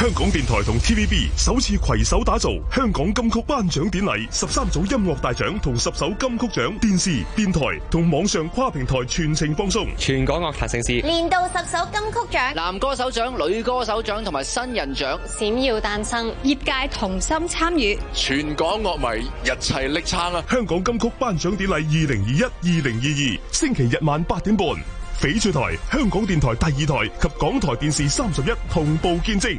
香港電台同 TVB 首次攜手打造香港金曲頒獎典禮，十三組音樂大獎同十首金曲獎，電視、電台同網上跨平台全程放送，全港樂壇盛事，年度十首金曲獎、男歌手獎、女歌手獎同埋新人獎閃耀誕生，業界同心參與，全港樂迷一齊力撐啊！香港金曲頒獎典禮二零二一、二零二二，星期日晚八點半，翡翠台、香港電台第二台及港台電視三十一同步見證。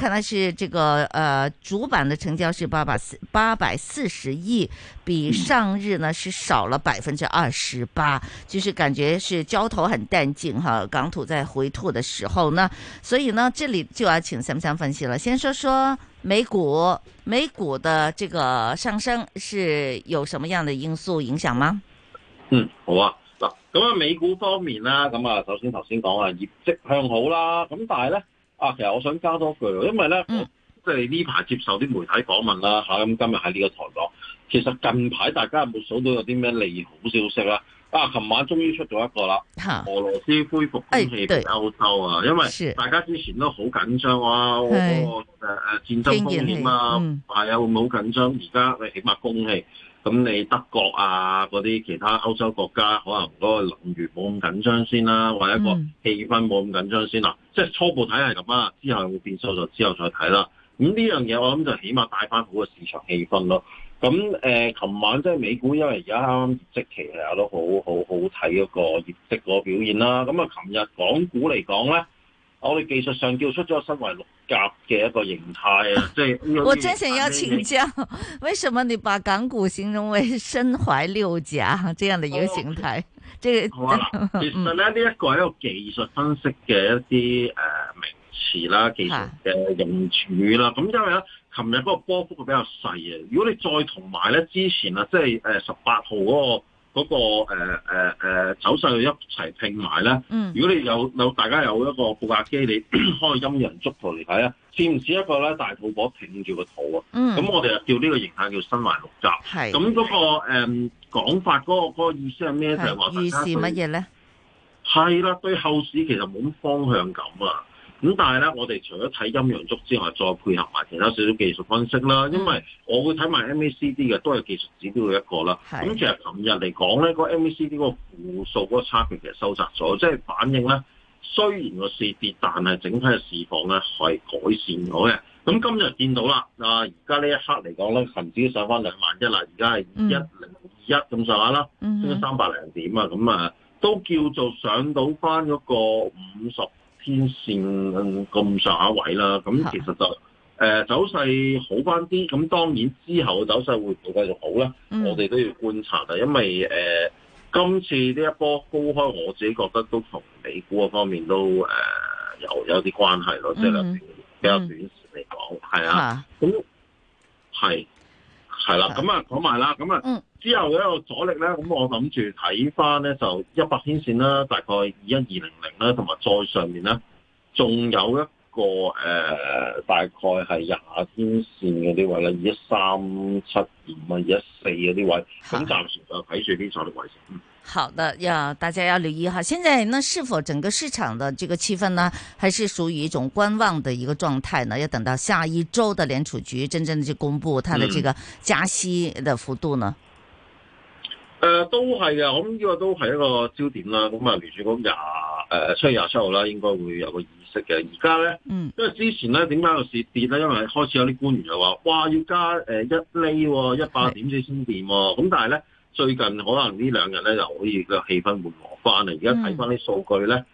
看來是這個呃，主板的成交是八百四八百四十億，比上日呢是少了百分之二十八，嗯、就是感覺是交投很淡靜哈。港股在回吐的時候呢，所以呢，這裏就要請岑 Sir 分析了。先說說美股，美股的這個上升是有什麼樣的因素影響嗎？嗯，好啊，嗱，咁啊，美股方面啦，咁啊，首先頭先講啊，業績向好啦，咁但係咧。啊，其實我想加多句，因為咧，我即係呢排接受啲媒體訪問啦，嚇咁今日喺呢個台講，其實近排大家有冇數到有啲咩利好消息咧？啊，琴晚終於出咗一個啦，俄羅斯恢復供氣俾歐洲啊，哎、因為大家之前都好緊張啊，嗰是個誒誒戰爭風險啊，係啊，會、嗯、唔會好緊張，而家你起碼供氣。咁你德國啊，嗰啲其他歐洲國家可能嗰個能源冇咁緊張先啦，或者一個氣氛冇咁緊張先啦，嗯、即係初步睇係咁啦，之後會變數就之後再睇啦。咁呢樣嘢我諗就起碼帶翻好個市場氣氛咯。咁誒，琴、呃、晚即係、就是、美股因為而家啱啱業績期其實都好好好睇嗰個業績個表現啦。咁啊，琴日港股嚟講咧。我哋技術上叫出咗身懷六甲嘅一個形態啊，即、就、係、是、我真想要請教，為什麼你把港股形容為身懷六甲這樣的一個形態？即係其實咧呢一個係一個技術分析嘅一啲誒名詞啦，技術嘅用處啦。咁因為咧，琴日嗰個波幅佢比較細啊。如果你再同埋咧之前啊，即係誒十八號嗰、那個。嗰、那個誒誒誒走勢一齊拼埋咧，嗯、如果你有有大家有一個副壓機，你開 陰陽燭圖嚟睇似唔似一個咧大肚婆挺住個肚啊！咁、嗯、我哋就叫呢個形態叫身懷六甲」是。係咁嗰個誒、呃、講法嗰、那個那個意思係咩？就係話預示乜嘢咧？係啦，對後市其實冇方向感啊！咁但係咧，我哋除咗睇陰陽燭之外，再配合埋其他少少技術分析啦。因為我會睇埋 MACD 嘅，都係技術指標嘅一個啦。咁其實琴日嚟講咧，個 MACD 個負數嗰個差距其實收窄咗，即係反映咧，雖然個市跌，但係整體嘅市況咧係改善咗嘅。咁今日見到啦，啊而家呢一刻嚟講咧，甚至上翻兩萬一啦，而家係一零二一咁上下啦，升咗三百零點啊，咁啊都叫做上到翻嗰個五十。天線咁上下位啦，咁其實就誒、呃、走勢好翻啲，咁當然之後嘅走勢會唔會繼續好啦。嗯、我哋都要觀察嘅，因為誒、呃、今次呢一波高開，我自己覺得都同美股嗰方面都誒、呃、有有啲關係咯，即係、嗯嗯、兩邊比較短時嚟講，係、嗯、啊，咁係。是係啦，咁啊講埋啦，咁啊之後咧個阻力咧，咁我諗住睇翻咧就一百天線啦，大概二一二零零啦，同埋再上面咧，仲有一個誒、呃，大概係廿天線嗰啲位咧，二一三七五啊，二一四嗰啲位，咁暫時就睇住啲阻力位先。好的，要大家要留意哈。現在，那是否整個市場的這個氣氛呢，還是屬於一種觀望的一個狀態呢？要等到下一周的聯儲局真正的去公布它的這個加息的幅度呢？誒、嗯呃，都係嘅，咁、嗯、我諗呢、這個都係一個焦點啦。咁、嗯、啊，聯儲局廿誒七月廿七號啦，應該會有個議息嘅。而家咧，嗯，因為之前咧，點解有蝕跌咧？因為開始有啲官員就話，哇，要加誒一厘，一百、哦、點先升點。咁但係咧。最近可能兩呢兩日咧就可以個氣氛緩和翻嚟。而家睇翻啲數據咧，誒、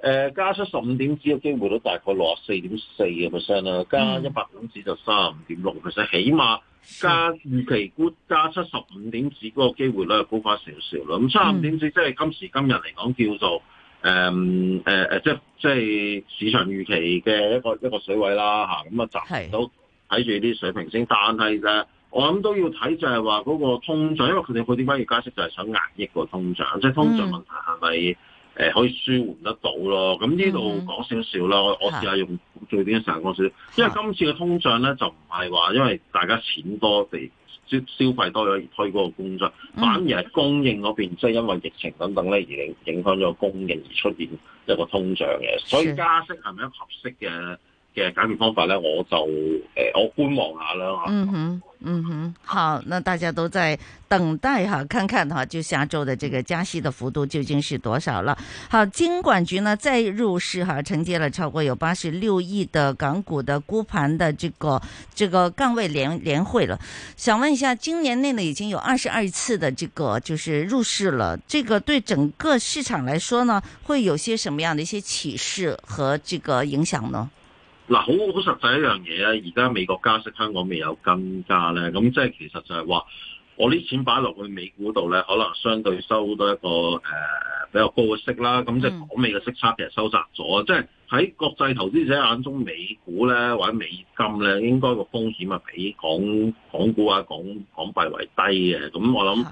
嗯呃、加七十五點子嘅機會都大概六十四點四嘅 percent 啦，加一百點子就三十五點六 percent，起碼加預期估加七十五點子嗰個機會咧高翻少少啦。咁三十五點子、嗯、即係今時今日嚟講叫做誒誒誒，即係即係市場預期嘅一個一個水位啦嚇，咁啊就站都睇住啲是水平先，但係誒。我諗都要睇，就係話嗰個通脹，因為佢哋佢點解要加息，就係、是、想壓抑個通脹，即係通脹問題係咪誒可以舒緩得到咯？咁呢度講少少啦，我我試下用最短嘅時間講少少，因為今次嘅通脹咧就唔係話因為大家錢多地消消費多咗而推嗰個通脹，反而係供應嗰邊即係、嗯、因為疫情等等咧而影響咗供應而出現一個通脹嘅，所以加息係咪一個合適嘅？嘅解決方法呢，我就誒我觀望下啦。嗯哼，嗯哼，好，那大家都在等待哈，看看哈，就下周的這個加息的幅度究竟是多少了。好，金管局呢再入市哈，承接了超過有八十六億的港股的沽盤的這個這個槓位聯連匯了。想問一下，今年內呢已經有二十二次的這個就是入市了，這個對整個市場來說呢，會有些什麼樣的一些啟示和這個影響呢？嗱，好好、啊、實際一樣嘢咧，而家美國加息，香港未有更加咧？咁即係其實就係話，我啲錢擺落去美股度咧，可能相對收到一個誒、呃、比較高嘅息啦。咁即係港美嘅息差其實收窄咗。嗯、即係喺國際投資者眼中，美股咧或者美金咧，應該個風險啊比港港股啊港港幣為低嘅。咁我諗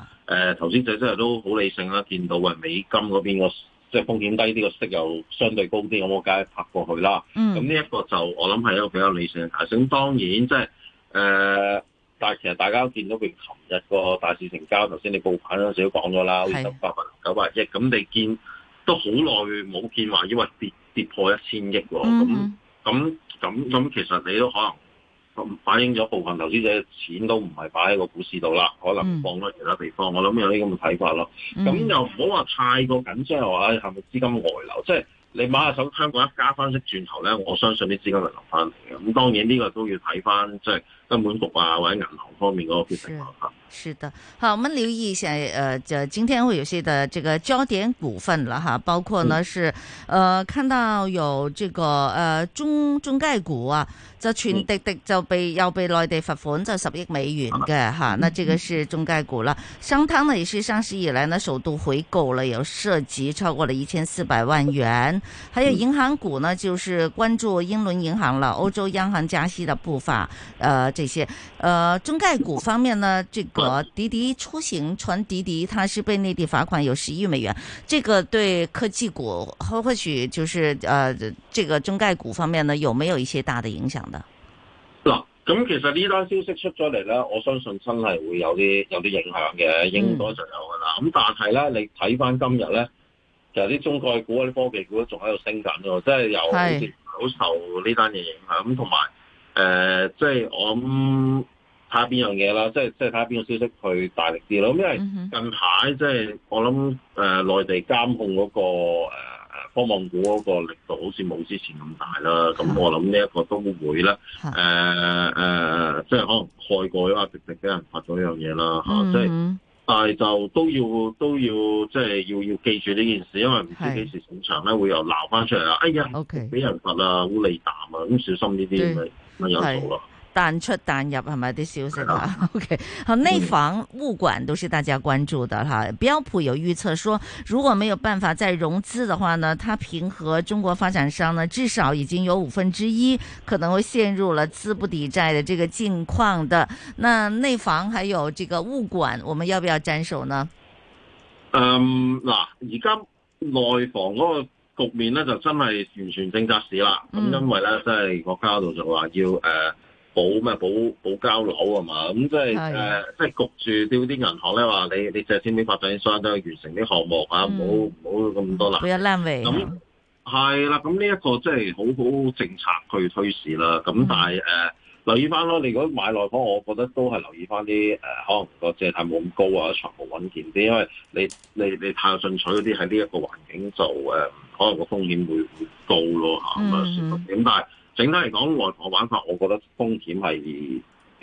投頭先真係都好理性啦，見到話、呃、美金嗰邊個。即係風險低，呢個息又相對高啲，咁我梗係拍過去啦。咁呢一個就我諗係一個比較理性嘅睇法。咁當然即係誒，但係其實大家見到譬如琴日個大市成交，頭先你報盤嗰陣時都講咗啦，好似十八萬九百億。咁的你見都好耐冇見話，因為跌跌破一千億喎。咁咁咁咁，其實你都可能。反映咗部分投資者錢都唔係擺喺個股市度啦，可能放咗其他地方。嗯、我諗有啲咁嘅睇法咯。咁又唔好話太過緊張嘅話係咪資金外流，即係你買下手香港一加翻息轉頭咧，我相信啲資金係流翻嚟嘅。咁當然呢個都要睇翻即係。就是金管局啊，或者銀行方面個決定啊，吓、哦，是的，好，我們留意一下，誒、呃，就今天會有些的這個焦點股份啦，哈，包括呢、嗯、是，誒、呃，看到有這個，誒、呃，中中概股啊，就全滴滴就被又、嗯、被內地罰款，就十億美元嘅，啊、哈，那這個是中概股啦。商、嗯、湯呢，也是上市以來呢首度回購了，有涉及超過了一千四百萬元。嗯、還有銀行股呢，就是關注英倫銀行了，歐洲央行加息的步伐，誒、呃。這些，呃，中概股方面呢，這個滴滴出行傳滴滴，它是被內地罰款有十億美元，這個對科技股或或許就是，呃，這個中概股方面呢，有沒有一些大的影響呢？嗱，咁其實呢單消息出咗嚟呢，我相信真係會有啲有啲影響嘅，應該就有噶啦。咁、嗯、但係呢，你睇翻今日呢，其實啲中概股、啲科技股都仲喺度升緊嘅，即係又好受呢單嘢影響。咁同埋。誒、呃，即係我諗睇下邊樣嘢啦，即係即係睇下邊個消息佢大力啲咯。因為近排、mm hmm. 即係我諗誒、呃、內地監控嗰、那個誒、呃、科網股嗰個力度好似冇之前咁大啦。咁、mm hmm. 我諗呢一個都會啦。誒、呃、誒、mm hmm. 呃，即係可能害過咗啊！直直俾人罰咗樣嘢啦嚇。即係，mm hmm. 但係就都要都要即係要要記住呢件事，因為唔知幾時市場咧、mm hmm. 會又鬧翻出嚟啊！哎呀，俾 Okay. 人罰啊，好利膽啊！咁小心呢啲咪～、mm hmm. 係，彈 Okay,、嗯、出彈入係咪啲消息啊？O K，好，內房、嗯、物管都是大家關注的哈。標普有預測說，如果沒有辦法再融資的話呢，它平和中國發展商呢，至少已經有五分之一可能會陷入了資不抵債的這個境況的。那內房還有這個物管，我們要不要斬手呢？嗯，嗱、啊，而家內房嗰個。局面咧就真係完全政策市啦，咁、嗯、因為咧即係國家度就話要誒保咩保保交樓啊嘛，咁即係誒即係焗住啲啲銀行咧話你你借錢先畀發展商，都、呃、佢完成啲項目、嗯、啊，唔好唔好咁多啦咁係啦，咁呢一個即係好好政策去推市啦，咁但係誒。嗯嗯留意翻咯，你如果買內房，我覺得都係留意翻啲誒，可能個借貸冇咁高啊，財務穩健啲。因為你你你太有進取嗰啲喺呢一個環境做誒，可能個風險會,會高咯吓咁、mm hmm. 但係整體嚟講，內房玩法，我覺得風險係。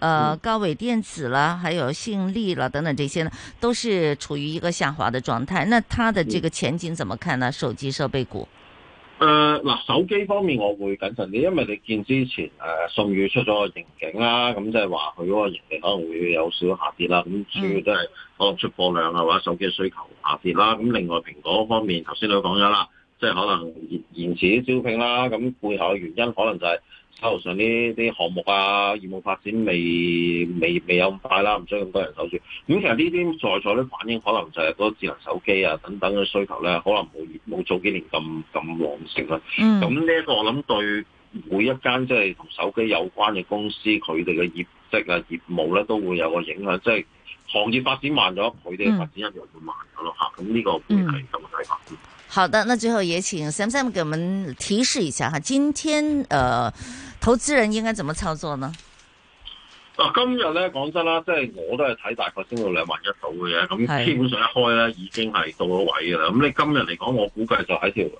呃高偉電子啦，還有信利啦，等等這些呢，都是處於一個下滑的狀態。那它的這個前景怎麼看呢？手機設備股？嗯、呃嗱，手機方面我會謹慎啲，因為你見之前呃舜宇出咗個預警啦，咁即係話佢嗰個盈利可能會有少少下跌啦。咁主要都係可能出貨量啊或者手機嘅需求下跌啦。咁、啊、另外蘋果方面，頭先都講咗啦，即係可能延遲招聘啦，咁、啊嗯、背後嘅原因可能就係、是。手上呢啲項目啊，業務發展未未未有咁快啦，唔需咁多人手住。咁其實呢啲在座都反映，可能就係嗰個智能手機啊等等嘅需求咧，可能冇冇早幾年咁咁旺盛啦。咁呢一個我諗對每一間即係同手機有關嘅公司，佢哋嘅業績啊業務咧，都會有個影響。即係行業發展慢咗，佢哋嘅發展一樣會慢咗咯吓，咁呢、嗯、個會係一個睇法。好的，那最後也請 Sam Sam 給我們提示一下吓，今天呃。投資人應該怎麼操作呢？啊，今日咧講真啦，即係我都係睇大概升到兩萬一度嘅，咁基本上一開咧是已經係到咗位噶啦。咁你今日嚟講，我估計就喺條誒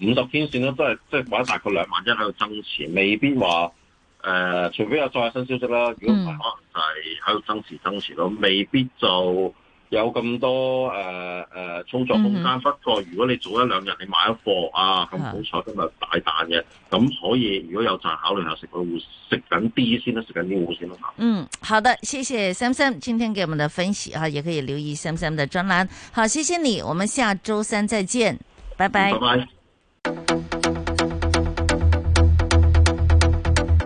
五十天線啦，都係即係玩大概兩萬一喺度增持，未必話誒，呃，除非有再有新消息啦，如果唔係，嗯，可能就係喺度增持增持咯，未必就。有咁多誒誒、呃呃、操作空間，嗯、不過如果你早一兩日你買咗貨啊，咁好彩今日大彈嘅，咁可以如果有賺，考慮下食佢會食緊啲先啦，食緊啲先啦嗯，好的，謝謝 Sam Sam 今天給我們的分析啊，也可以留意 Sam Sam 的專欄。好，謝謝你，我們下周三再見，拜拜，拜拜。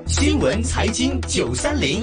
新聞財經九三零。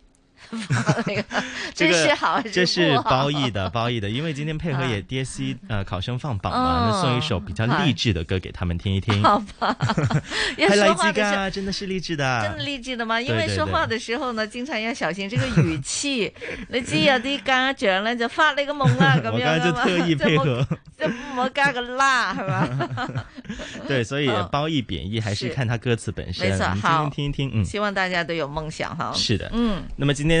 那個，這是好，這是褒義的，褒義的，因為今天配合也 DSE 呃考生放榜嘛，那送一首比較勵志的歌給他們聽一聽，好吧？要說話的時候真的是勵志的，真的勵志的嗎？因為說話的時候呢，經常要小心這個語氣，你知有啲家長咧就發你個夢啊，咁樣就啊嘛，即冇加個啦係嘛？對，所以褒義貶義還是看他歌詞本身。沒錯，好，聽一聽，嗯，希望大家都有夢想哈。是的，嗯，那麼今天。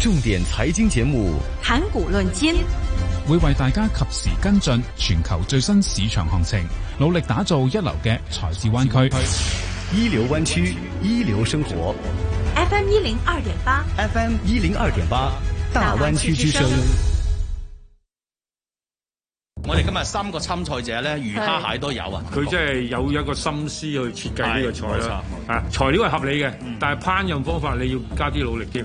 重點財經節目談古論今，會為大家及時跟進全球最新市場行情，努力打造一流嘅財事灣區，一流灣區，一流生活。FM 一零二點八，FM 一零二點八，大灣區之聲。我哋今日三個參賽者咧，魚蝦蟹都有啊。佢真係有一個心思去設計呢個菜啦，啊，材料係合理嘅，但係烹飪方法你要加啲努力添。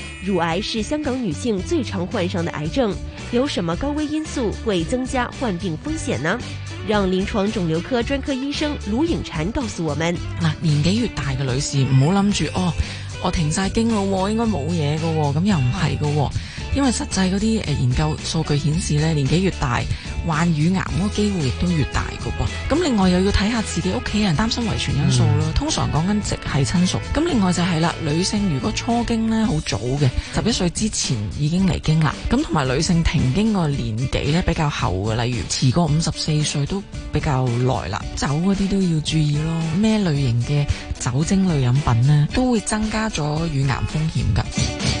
乳癌是香港女性最常患上的癌症，有什麼高危因素會增加患病風險呢？讓臨床腫瘤科專科醫生盧穎嬋告訴我們。嗱，年紀越大嘅女士，唔好諗住哦，我停晒經咯，應該冇嘢噶，咁又唔係噶。因為實際嗰啲誒研究數據顯示咧，年紀越大患乳癌嘅機會亦都越大㗎噃。咁另外又要睇下自己屋企人擔心遺傳因素咯。嗯、通常講緊直係親屬。咁另外就係、是、啦，女性如果初經呢好早嘅，十一歲之前已經嚟經啦。咁同埋女性停經個年紀呢比較後嘅，例如遲過五十四歲都比較耐啦。酒嗰啲都要注意咯。咩類型嘅酒精類飲品呢都會增加咗乳癌風險㗎。嗯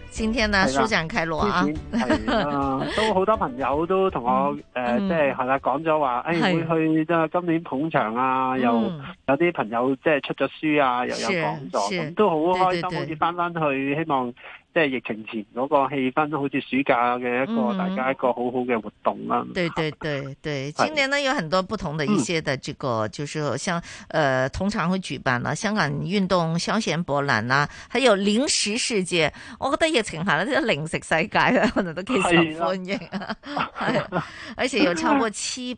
今天呢的書展開鑼啊！ 都好多朋友都同我誒、 呃，即係係啦，講咗話誒，會去即係今年捧場啊！的又有啲朋友即係出咗書啊，又有講座咁，都好開心，對對對，好似翻翻去希望。即係疫情前嗰個氣氛，好似暑假嘅一個、嗯、大家一個好好嘅活動啦。對對對對，是今年呢，有很多不同嘅一些嘅，這個，就是像，誒、呃，通常會舉辦啦，香港運動消閒博覽啦，還有零食世界，我覺得疫情下咧，啲零食世界咧，可能都幾受歡迎啊，係的， 而且有超過七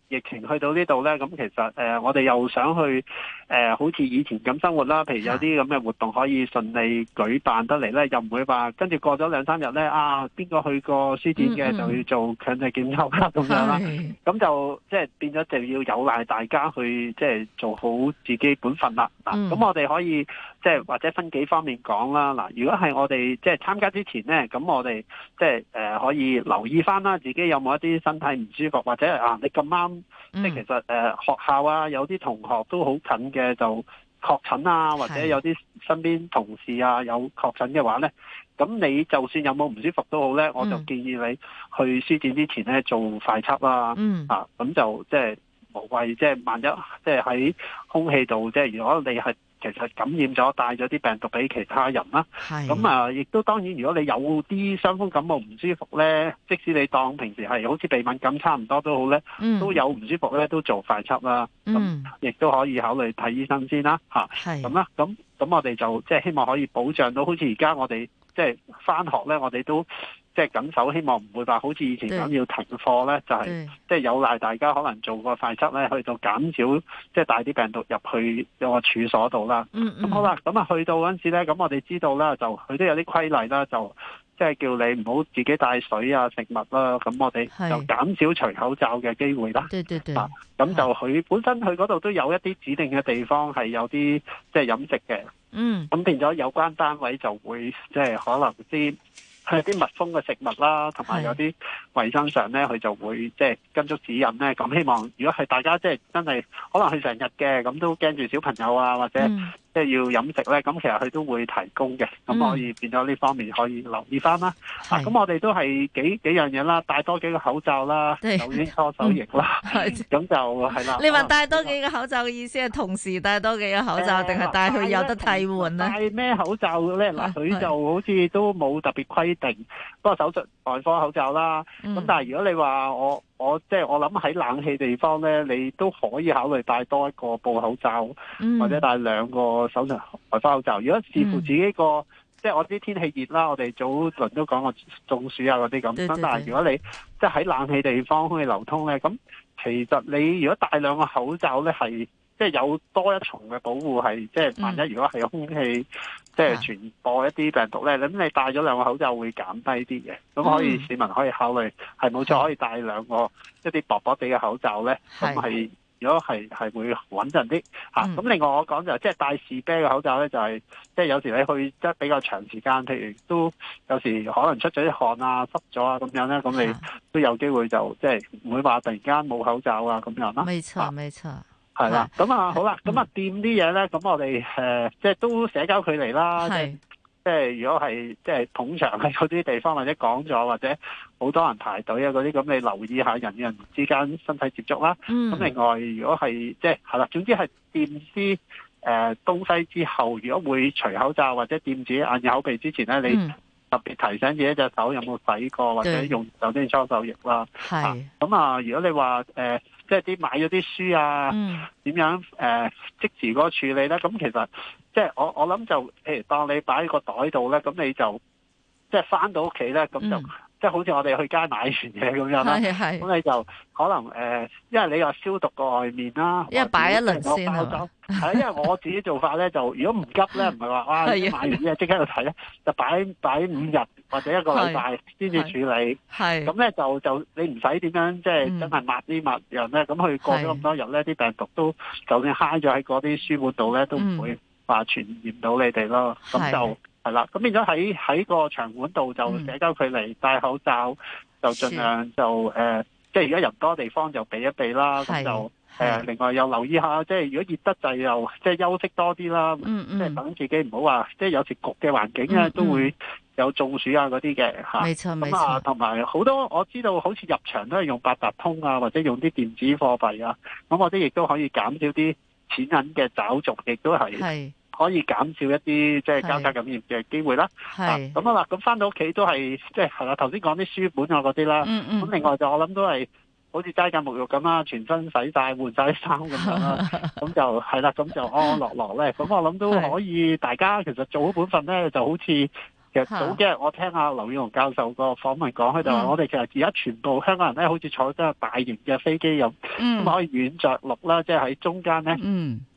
疫情去到呢度呢，咁其實誒、呃，我哋又想去誒、呃，好似以前咁生活啦。譬如有啲咁嘅活動可以順利舉辦得嚟呢，又唔會話跟住過咗兩三日呢，啊，邊個去過書展嘅就要做強制檢測啦咁樣啦。咁、mm hmm. 就即係變咗就要有賴大家去即係、就是、做好自己本分啦。咁、啊 mm hmm. 我哋可以即係、就是、或者分幾方面講啦。嗱，如果係我哋即係參加之前呢，咁我哋即係可以留意翻啦，自己有冇一啲身體唔舒服，或者啊你咁啱。即係、嗯、其實誒、呃，學校啊，有啲同學都好近嘅，就確診啊，或者有啲身邊同事啊有確診嘅話咧，咁你就算有冇唔舒服都好咧，我就建議你去書展之前咧做快測啦，啊，咁、嗯啊、就即係無謂，即係萬一，即係喺空氣度，即係如果你係。其實感染咗，帶咗啲病毒俾其他人啦。咁啊是，亦都當然，如果你有啲傷風感冒唔舒服呢，即使你當平時係好似鼻敏感差唔多都好呢，嗯、都有唔舒服呢，都做快測啦。咁亦、嗯、都可以考慮睇醫生先啦。咁啦是，咁咁我哋就即係、就是、希望可以保障到，好似而家我哋即係返學呢，我哋都。即係緊守，希望唔會話好似以前咁要停課咧，對就係即係有賴大家可能做個快測咧，對去到減少即係、就是、帶啲病毒入去個處所度啦。嗯，咁好啦，咁啊、嗯、去到嗰陣時咧，咁我哋知道啦，就佢都有啲規例啦，就即係叫你唔好自己帶水啊、食物啦。咁我哋就減少除口罩嘅機會啦。對咁、啊、就佢本身佢嗰度都有一啲指定嘅地方係有啲即係飲食嘅。嗯。咁變咗有關單位就會即係、就是、可能啲。係啲密封嘅食物啦，同埋有啲衛生上咧，佢就會即係跟足指引咧。咁希望，如果係大家即係真係可能去成日嘅，咁都驚住小朋友啊，或者。嗯即係要飲食咧，咁其實佢都會提供嘅，咁、嗯、可以變咗呢方面可以留意翻是、啊、啦。咁我哋都係幾幾樣嘢啦，戴多幾個口罩啦，留意搓手液啦，咁、嗯、 就係啦。你話戴多幾個口罩嘅意思係同時戴多幾個口罩，定係戴佢有得替換咧？戴咩口罩咧？嗱，佢就好似都冇特別規定。不過手術外科口罩啦，咁、嗯、但係如果你話我我即係我諗喺冷氣地方咧，你都可以考慮戴多一個布口罩，嗯、或者戴兩個手術外科口罩。如果視乎自己個，嗯、即係我啲天氣熱啦，我哋早輪都講過中暑啊嗰啲咁，咁但係如果你即係喺冷氣地方可以流通咧，咁其實你如果戴兩個口罩咧係。即係有多一重嘅保護，係即係萬一如果係有空氣即係傳播一啲病毒咧，咁你戴咗兩個口罩會減低啲嘅。咁可以市民可以考慮，係冇錯可以戴兩個一啲薄薄啲嘅口罩咧。咁係如果係係會穩陣啲吓。咁另外我講就係即係戴士啤嘅口罩咧，就係即係有時你去即係比較長時間，譬如都有時可能出咗啲汗啊、濕咗啊咁樣咧，咁你都有機會就即係唔會話突然間冇口罩啊咁樣啦。冇錯，冇錯。係啦，咁啊好啦，咁啊掂啲嘢咧，咁我哋誒即係都社交距離啦，即係即係如果係即係捧場嘅嗰啲地方或者講咗或者好多人排隊啊嗰啲，咁你留意下人與人之間身體接觸啦。咁的另外如果係即係係啦，總之係掂啲誒東西之後，如果會除口罩或者掂住眼口鼻之前咧，的你。嗯特別提醒自己隻手有冇洗過，或者用酒精搓手液啦。係咁對啊，啊！如果你話誒、呃，即係啲買咗啲書啊，點、嗯、樣誒、呃、即時個處理咧？咁其實即係我我諗就，譬如當你擺喺個袋度咧，咁你就即係翻到屋企咧，咁就。嗯即係好似我哋去街買完嘢咁樣啦，咁你就可能誒，因為你又消毒過外面啦，因為擺一輪先係，因為我自己做法咧就，如果唔急咧，唔係話哇買完嘢即刻就睇咧，就擺擺五日或者一個禮拜先至處理，咁咧就就你唔使點樣即係真係抹啲抹樣咧，咁佢過咗咁多日咧，啲病毒都就算揩咗喺嗰啲書本度咧，都唔會話傳染到你哋咯，咁就。係啦，咁變咗喺喺個場館度就社交距離，戴口罩就盡量就誒，即係而家人多地方就避一避啦。咁就誒，另外又留意下，即係如果熱得滯又即係休息多啲啦，即係等自己唔好話，即係有時焗嘅環境啊都會有中暑啊嗰啲嘅吓。冇錯，冇錯。咁啊，同埋好多我知道，好似入場都係用八達通啊，或者用啲電子貨幣啊，咁我哋亦都可以減少啲錢銀嘅找續，亦都係可以減少一啲即係交叉感染嘅機會啦。係咁啊啦，咁、嗯、翻、嗯、到屋企都係即係係啦。頭先講啲書本啊嗰啲啦。咁另外就我諗都係好似齋戒沐浴咁啦，全身洗晒、換晒啲衫咁樣啦。咁 就係啦，咁就安安樂樂咧。咁是、嗯、我諗都可以，是大家其實做好本份咧，就好似其實早幾日我聽阿劉宇隆教授個訪問講咧，是就話我哋其實而家全部香港人咧，好似坐咗大型嘅飛機咁，咁、嗯、可以軟着陸啦，即係喺中間咧，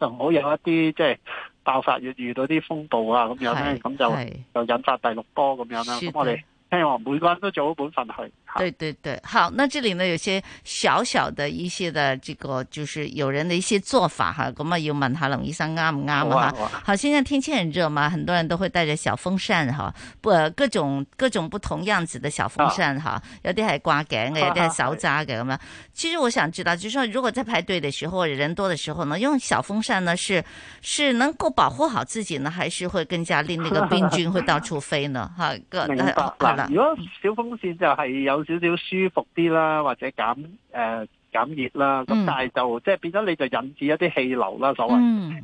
就好有一啲即爆發，越遇到啲風暴啊咁樣咧，咁就又就引發第六波咁樣啦。咁我哋。每個人都做一本份去。對對對，好，那這裏呢，有些小小的一些的這個，就是有人的一些做法哈，咁啊要問下林醫生啱唔啱啦哈，好，現在天氣很熱嘛，很多人都會帶着小風扇哈，不，各種各種不同樣子的小風扇哈、啊，有啲係掛頸有啲係手揸嘅咁其實我想知道，就是、說如果在排隊的時候，人多的時候呢，用小風扇呢，是是能夠保護好自己呢，還是會更加令那個病菌會到處飛呢？哈，咁好啦。白如果小風扇就係有少少舒服啲啦，或者減誒減、呃、熱啦，咁但係就即係、嗯、變咗你就引致一啲氣流啦，所謂。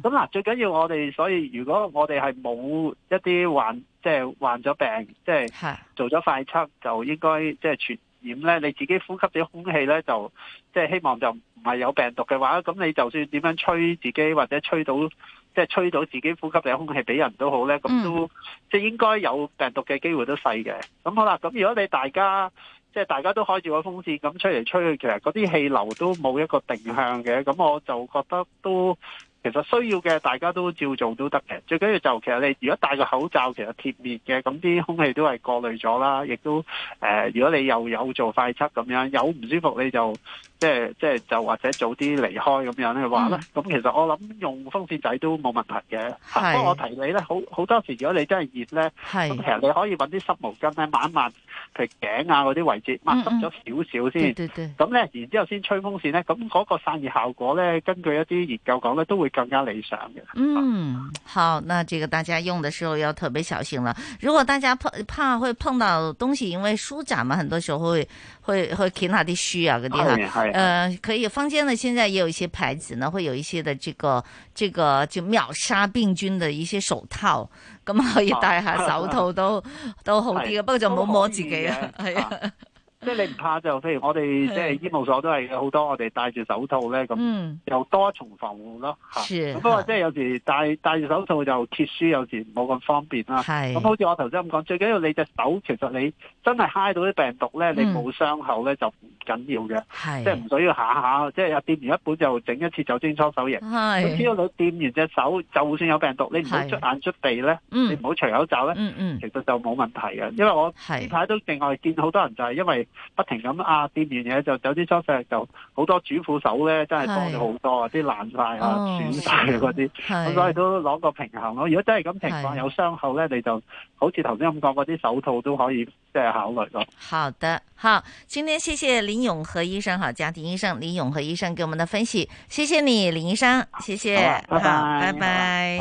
咁嗱、嗯，最緊要我哋，所以如果我哋係冇一啲患，即係患咗病，即係做咗快測，就應該即係全。染咧，你自己呼吸啲空氣咧，就即係希望就唔係有病毒嘅話，咁你就算點樣吹自己或者吹到，即係吹到自己呼吸嘅空氣俾人都好咧，咁都即係應該有病毒嘅機會都細嘅。咁好啦，咁如果你大家即係大家都開住個風扇咁吹嚟吹去，其實嗰啲氣流都冇一個定向嘅，咁我就覺得都。其實需要嘅大家都照做都得嘅，最緊要就其實你如果戴個口罩，其實貼面嘅，咁啲空氣都係過濾咗啦，亦都誒、呃，如果你又有做快測咁樣，有唔舒服你就即係即係就或者早啲離開咁樣去話啦。咁、嗯、其實我諗用風扇仔都冇問題嘅。不過是我提你咧，好好多時如果你真係熱咧，咁是其實你可以搵啲濕毛巾咧抹一抹，譬如頸啊嗰啲位置，抹濕咗少少先，咁咧、嗯嗯、然之後先吹風扇咧，咁嗰個散熱效果咧，根據一啲研究講咧都會。更加理想嘅。嗯，好，那這個大家用的時候要特別小心啦。如果大家怕怕會碰到東西，因為書展嘛，很多時候會會會其他啲需要嘅地方。係。呃，可以，坊間呢，現在也有一些牌子呢，會有一些的這個這個就秒殺病菌的一些手套，咁可以戴下手套都的都，都好啲嘅。的不過就唔好摸自己的啊，係啊。即係你唔怕就，譬如我哋即係醫務所都係好多我哋戴住手套咧，咁又、嗯、多一重防護咯，咁是不過即係有時戴戴住手套就揭書有時冇咁方便啦。咁好似我頭先咁講，最緊要你隻手其實你真係嗨到啲病毒咧，你冇傷口咧就唔緊要嘅，嗯、即係唔需要下下即係入掂完一本就整一次酒精搓手液。咁只要你掂完隻手，就算有病毒，你唔好出眼出鼻咧，是你唔好除口罩咧，嗯、其實就冇問題嘅。因為我呢排都另外見好多人就係因為。不停咁壓掂完嘢，就有啲裝備就好多主婦手咧，真係多咗好多啊！啲爛晒啊，損晒嘅嗰啲，咁、哦、所以都攞個平衡咯。如果真係咁情況有傷口咧，你就好似頭先咁講，嗰啲手套都可以即係、就是、考慮咯。好的，好，今天謝謝林永和醫生，好家庭醫生林永和醫生給我們的分析，謝謝你林醫生，謝謝，拜拜拜。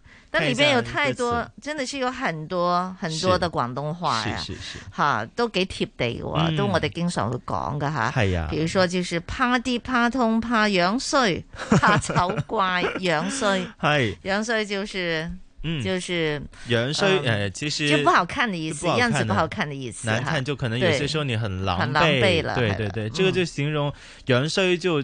但裏邊有太多，真的是有很多很多的廣東話呀，吓都幾貼地嘅喎，都我哋經常會講嘅吓。係啊，比如說就是怕跌怕痛怕樣衰，怕醜怪樣衰。係，樣衰就是，嗯，就是樣衰誒，其實就不好看的意思，樣子不好看的意思，難看就可能有些時候你很狼很狼狽了，對對對，這個就形容樣衰就。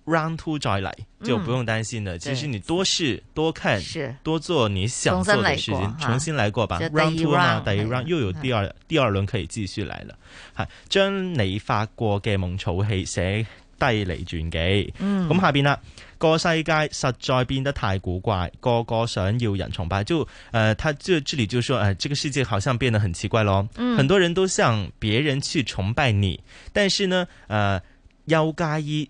Round two 再來，就不用擔心了。其實你多試、多看、多做你想做的事情，重新來過吧。Round two 呢等於 round 又有第二第二輪可以繼續嚟啦。哈，將你發過嘅夢草起寫低嚟傳記。嗯，咁下邊啦，個世界實在變得太古怪，個個想要人崇拜。就呃，他就這裏就說，哎，這個世界好像變得很奇怪咯。很多人都想別人去崇拜你，但是呢，呃，幺嘎一。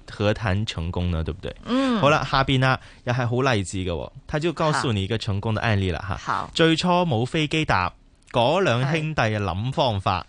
何談成功呢？對不對？嗯，好啦，下邊啊又係好勵志嘅，他就告訴你一個成功的案例啦，吓。好，最初冇飛機搭，嗰兩兄弟嘅諗方法。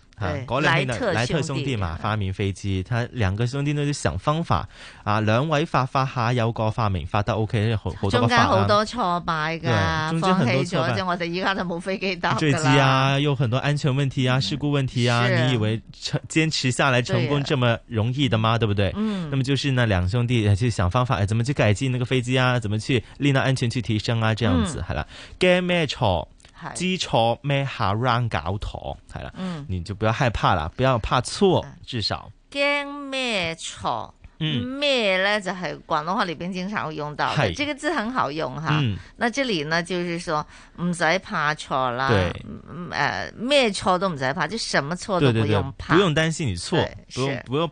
來特兄弟，兄弟嘛，發明飛機，他兩個兄弟都要想方法啊！兩位發發下、啊、有個發明發到 OK，發、啊、中間好多挫敗噶，中間很多挫敗，放棄了，我哋依家就冇飛機搭噶啦。墜機啊，又很多安全問題啊，事故問題啊，嗯、你以為成堅持下來成功這麼容易的嗎？對，啊、對不對？嗯，那麼就是那兩兄弟去想方法，誒、哎，怎麼去改進那個飛機啊？怎麼去令到安全去提升啊？這樣子係、嗯、啦，驚咩錯？知錯咩下 run 搞妥，係啦，你就不要害怕啦，不要怕錯，至少驚咩、嗯、錯？咩咧就係廣東話裏邊經常會用到，嗯、這個字很好用、嗯、哈。那這裏呢就是說唔使怕錯啦，誒咩對、呃、錯都唔使怕，就什麼錯都不用怕，不用擔心你錯，不用不用。不要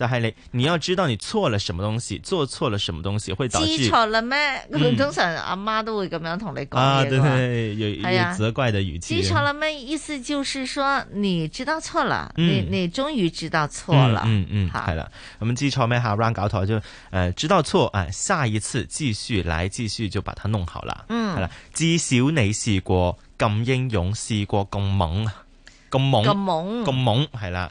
但係你，你要知道你錯了什麼東西，做錯了什麼東西會導致。知錯啦咩？通常、嗯、阿媽都會咁樣同你講嘢。啊，對對，有、哎、呀有責怪的語氣。知錯啦咩？意思就是說，你知道錯了，嗯、你你終於知道錯了。嗯嗯，嗯嗯好，係啦。咁知錯咩？吓，round 搞妥就誒，知道錯誒，下一次繼續來，繼續就把它弄好啦。嗯，係啦。至少你試過咁英勇，試過咁猛，咁猛蒙，咁猛蒙，咁猛，係啦。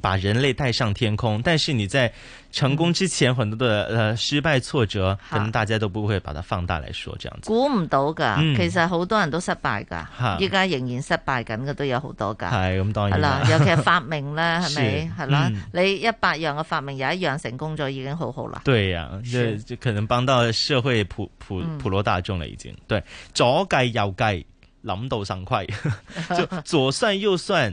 把人類帶上天空，但是你在成功之前，很多的呃失敗挫折，可能大家都不會把它放大來說，這樣子。估唔到噶，其實好多人都失敗噶，依家仍然失敗緊嘅都有好多噶。係咁當然啦，尤其係發明咧，係咪？係啦，你一百樣嘅發明有一樣成功咗，已經好好啦。對呀，即係就可能幫到社會普普普羅大眾啦，已經。對，左計右計，諗到神快就左算右算。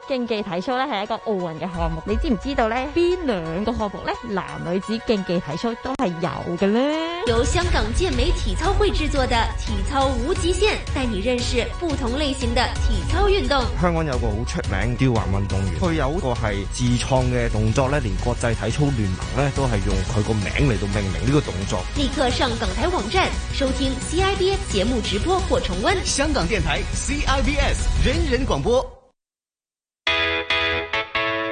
競技體操呢係一個奧運嘅項目，你知唔知道呢？邊兩個項目呢？男女子競技體操都係有嘅呢。由香港健美體操會製作的體操無極限，帶你認識不同類型的體操運動。香港有個好出名吊環運動員，佢有一個係自創嘅動作呢，連國際體操聯盟呢都係用佢個名嚟到命名呢個動作。立刻上港台網站收聽 CIBS 節目直播或重溫。香港電台 CIBS 人人廣播。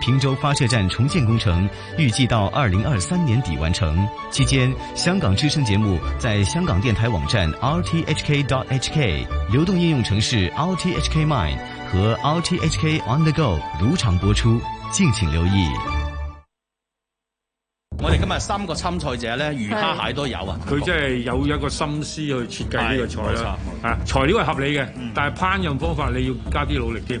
平洲發射站重建工程預計到二零二三年底完成。期間，香港之聲節目在香港電台網站 rthk.hk、流動應用程式 rthk mine 和 rthk on the go 如常播出，敬請留意。我哋今日三個參賽者咧，魚、蝦、蟹都有啊。佢即係有一個心思去設計呢個菜啦。材料係合理嘅，嗯、但係烹飪方法你要加啲努力添。